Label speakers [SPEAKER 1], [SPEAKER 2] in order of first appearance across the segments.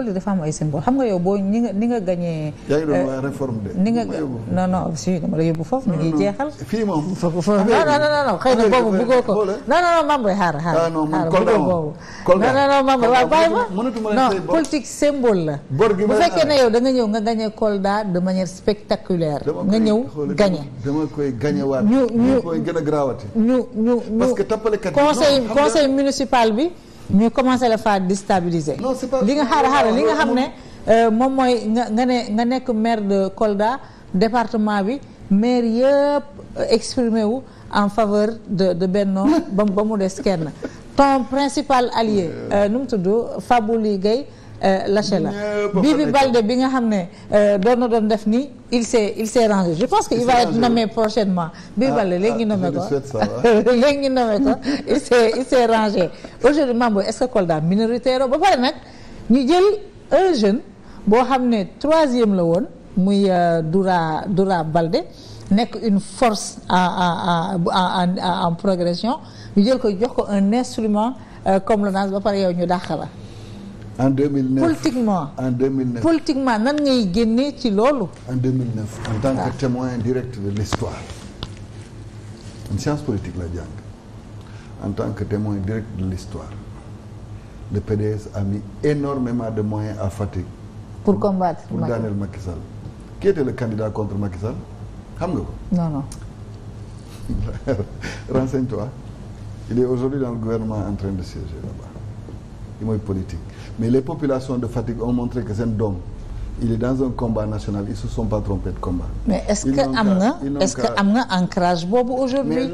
[SPEAKER 1] politique dafa am ay symbole xam nga yow boo ni nga ni nga gagné.
[SPEAKER 2] yaa ngi doon euh, waa réforme de. ni
[SPEAKER 1] nga non non si dama la yóbbu foofu. ñu ngi jeexal fii moom. foofu non non non xëy na boobu bëggoo ko. non non non Mame Boye xaaral xaaral. ah non man Kolda moom Kolda non non Mame Boye waaw bàyyi ma non politique symbole la.
[SPEAKER 2] bor gi bu fekkee ne
[SPEAKER 1] yow da nga ñëw nga gagné Kolda de manière spectaculaire. nga ñëw gagné.
[SPEAKER 2] dama koy gagné waat. ñu ñu
[SPEAKER 1] ñu conseil conseil municipal bi. ñu commencé la faa déstabiliser. non c'est pas li nga xaar xaar li nga xam ne euh, moom mooy nga nga ne nga nekk maire de Kolda département bi maire yëpp euh, exprimé wu en faveur de de Benno ba ba mu des kenn ton principal allié euh, nu mu tudd Fabouli Gaye Euh, lâché la bii bi Baldé bi nga xam ne euh, doon na doon def ni il s'est il s'est rangé je pense que il, il va être nommé prochainement Bibi ah, Baldé ah, léegi nommé ko léegi nommé ko il s'est il s'est rangé aujourd'hui Mamboy est-ce que Kolda minoritaire ba pare nag ñu jël un jeune boo xam ne troisième la woon muy euh, Doura Doura balde nekk une force en en en progression ñu jël ko jox ko un instrument comme l'ONAS ba pare yow ñu dàq la
[SPEAKER 2] en 2009 politiquement en 2009
[SPEAKER 1] politiquement nan ngay génnee ci loolu.
[SPEAKER 2] en 2009 en tant que ah. témoin direct de l'histoire une science politique la jàng en tant que témoin direct de l'histoire le PDS a énormément de moyens à Fatick.
[SPEAKER 1] pour combattre pour daaneel
[SPEAKER 2] Macky Sall. qui était le candidat contre Macky xam nga ko. non non. renseigne il est aujourd'hui dans le gouvernement en de siéger là-bas. li mooy politique mais les populations de Fatick ont montré que seen doom il est dans un combat national ils se sont pas trompés de combat.
[SPEAKER 1] mais est-ce que am nga est-ce que am nga ancrage boobu aujourd'hui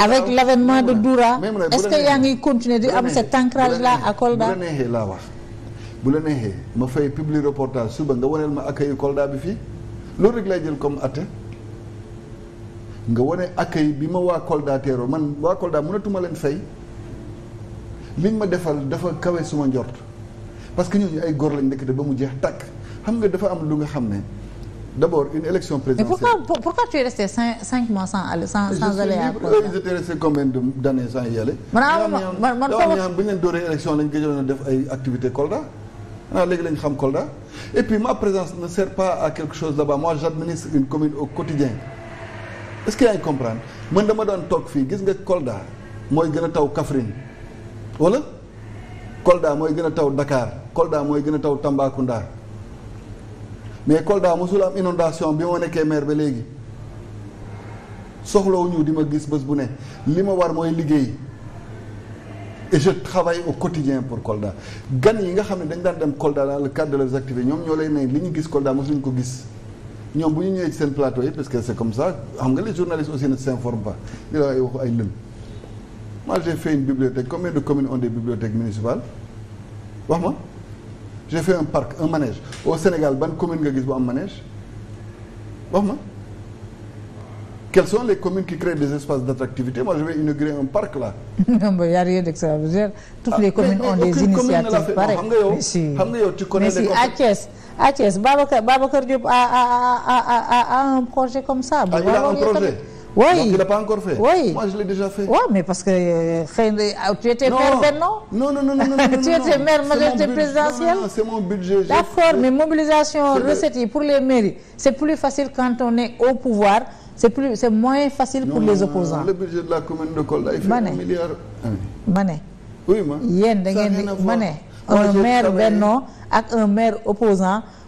[SPEAKER 1] avec l'avènement de Doura est-ce que yaa ngi continuer di am cet ancrage là à Kolda. bu la neexee
[SPEAKER 2] laa wax bu la neexee ma fay publier reportage suba nga waneel ma accueil Kolda bi fii loolu rek lay jël comme atte nga wane accueil bi ma waa Kolda teeroo man waa Kolda mënatuma leen fay. liñ ma defal dafa kawe suma njort parce que ñooñu ay góor lañ nekk ba mu jeex tàkk xam nga dafa am lu nga xam ne d'abord une élection présidentielle. mais
[SPEAKER 1] pourquoi pourquoi tu es resté cinq cinq mois sans aller sans sans aller à Kolda
[SPEAKER 2] je suis resté combien d'années sans y aller. man man man man bu ñu leen dooree élection lañ gëjoon a def ay activité Kolda ah léegi lañ xam Kolda et puis ma présence ne sert pas à quelque chose là-bas moi j'administre une commune au quotidien est-ce que yaa ngi comprendre man dama daan toog fii gis nga Kolda mooy gën a taw Kaffrine. wala Kolda mooy gën a taw ndakaar Kolda mooy gën a taw Tambacounda mais Kolda mosul am inondation bi ma nekkee maire ba léegi ñu di ma gis bés bu ne li ma war mooy liggéey et je travaille au quotidien pour Kolda gan yi nga xam ne dañ daan dem Kolda dans le cadre de leurs activités ñoom ñoo lay ne li ñu gis Kolda mosuñu ko gis ñoom bu ñu ñëwee ci seen plateau yi parce que c'est comme ça xam nga les journalistes aussi ne s'informent pas ñu la moi j'ai fait une bibliothèque combien de communes ont des bibliothèques municipales wax ma j'ai fait un parc un manège au Sénégal ban commune nga gis bu am manège wax ma quelles sont les communes qui créent des espaces d'attractivité moi je vais inaugurer un parc là.
[SPEAKER 1] non mais y a rien d'extraordinaire. toutes ah, les communes ont des initiatives pareilles. xam nga yow
[SPEAKER 2] xam nga yow tu connais les. mais si à
[SPEAKER 1] Thiès à Thiès Babacar Babacar Diop a a a a a un projet comme ça. ah il a un projet. oui donc il n'a pas encore fait. oui moi que xëy euh, na euh, ah, tu non
[SPEAKER 2] non non non non tu étais maire majorité présidentielle. c'est mon budget d'accord
[SPEAKER 1] mais mobilisation recettes yi pour les mairies c'est plus facile quand on est au pouvoir c'est plus c'est moins
[SPEAKER 2] ma ne
[SPEAKER 1] oui ma yéen ak un maire opposant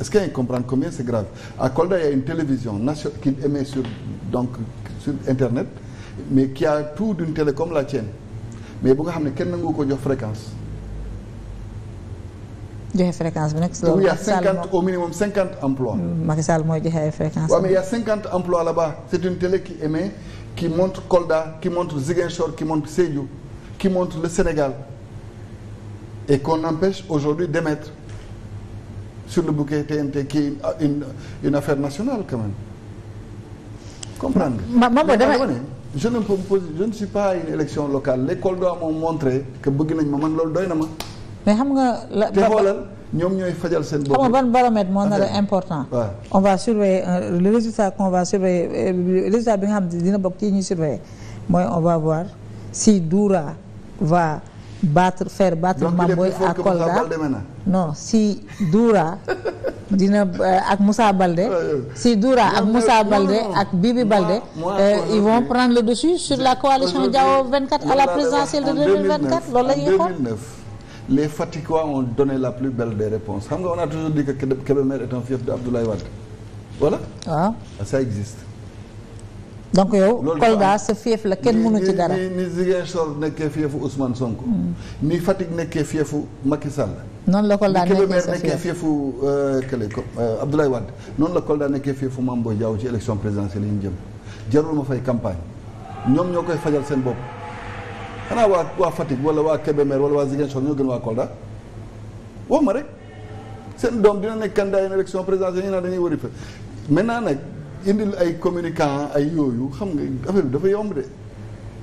[SPEAKER 2] Est-ce qu'ils comprennent combien c'est grave À Kolda, il une télévision qui émet sur, donc, sur Internet, mais qui a tout d'une télé comme la tienne. mais bu nga xam ne kenn nangu ko jox fréquence.
[SPEAKER 1] joxe fréquence bi nag. loolu y' a cinquante
[SPEAKER 2] au minimum cinquante emplois. Hmm, Macky
[SPEAKER 1] Sall mooy joxe ay fréquences. waaw mais
[SPEAKER 2] y' a cinquante emplois là-bas c' est une télé qui émet qui montre Kolda qui montre Ziguinchor qui montre Sédhiou qui montre le Sénégal et qu'on empêche sur le bouquet TNT qui est une, une, une affaire nationale quand même comprendre nga. ma ma dama ne je ne peux poser je ne suis pas une élection locale l'école doit me montrer que bëgg nañ ma man loolu doy na ma. mais xam nga la te xoolal ñoom ñooy fajal seen bopp. xam nga
[SPEAKER 1] ban baromètre moo nar a important. on va surveiller euh, le résultat qu'on va surveiller euh, résultat bi nga xam dina bokk ci ñuy surveiller mooy on va voir si Doura va. battre faire battre Mamboy à Kolda non si Doura dina euh, ak Moussa Baldé si Doura ak Moussa Baldé ak Bibi Baldé euh, ils vont prendre le dessus sur la coalition Diao 24 à la présidentielle de 2024 la ñuy xool
[SPEAKER 2] les Fatikois ont donné la plus belle des réponses xam nga on a toujours dit que Kébémer est un fief de Abdoulaye Wade voilà waaw ah. donc yow Kolda
[SPEAKER 1] sa fief la kenn mënu ci dara
[SPEAKER 2] ni Ziguinchor nekkee fiefu Ousmane Sonko. Hmm. ni Fatick nekkee fiefu Macky Sall.
[SPEAKER 1] noonu la Kolda nekkee sa fief nekkee
[SPEAKER 2] fiefu euh, kële ko euh, Abdoulaye Wade noonu la Kolda nekkee fiefu Mame Boye Diao ci élection présidentielle yi ñu jëm jarul ma fay campagne ñoom ñoo koy fajal seen bopp xanaa waa waa Fatick wala waa Kébémer wala waa Ziguinchor ñoo gën waa Kolda wax ma rek seen doom dina nekk candidat yi élection présidentielle yi naa dañuy wëri fa maintenant nag. indil ay communicant ay yooyu xam nga dafa yomb de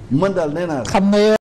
[SPEAKER 2] man daal nee naa xam nga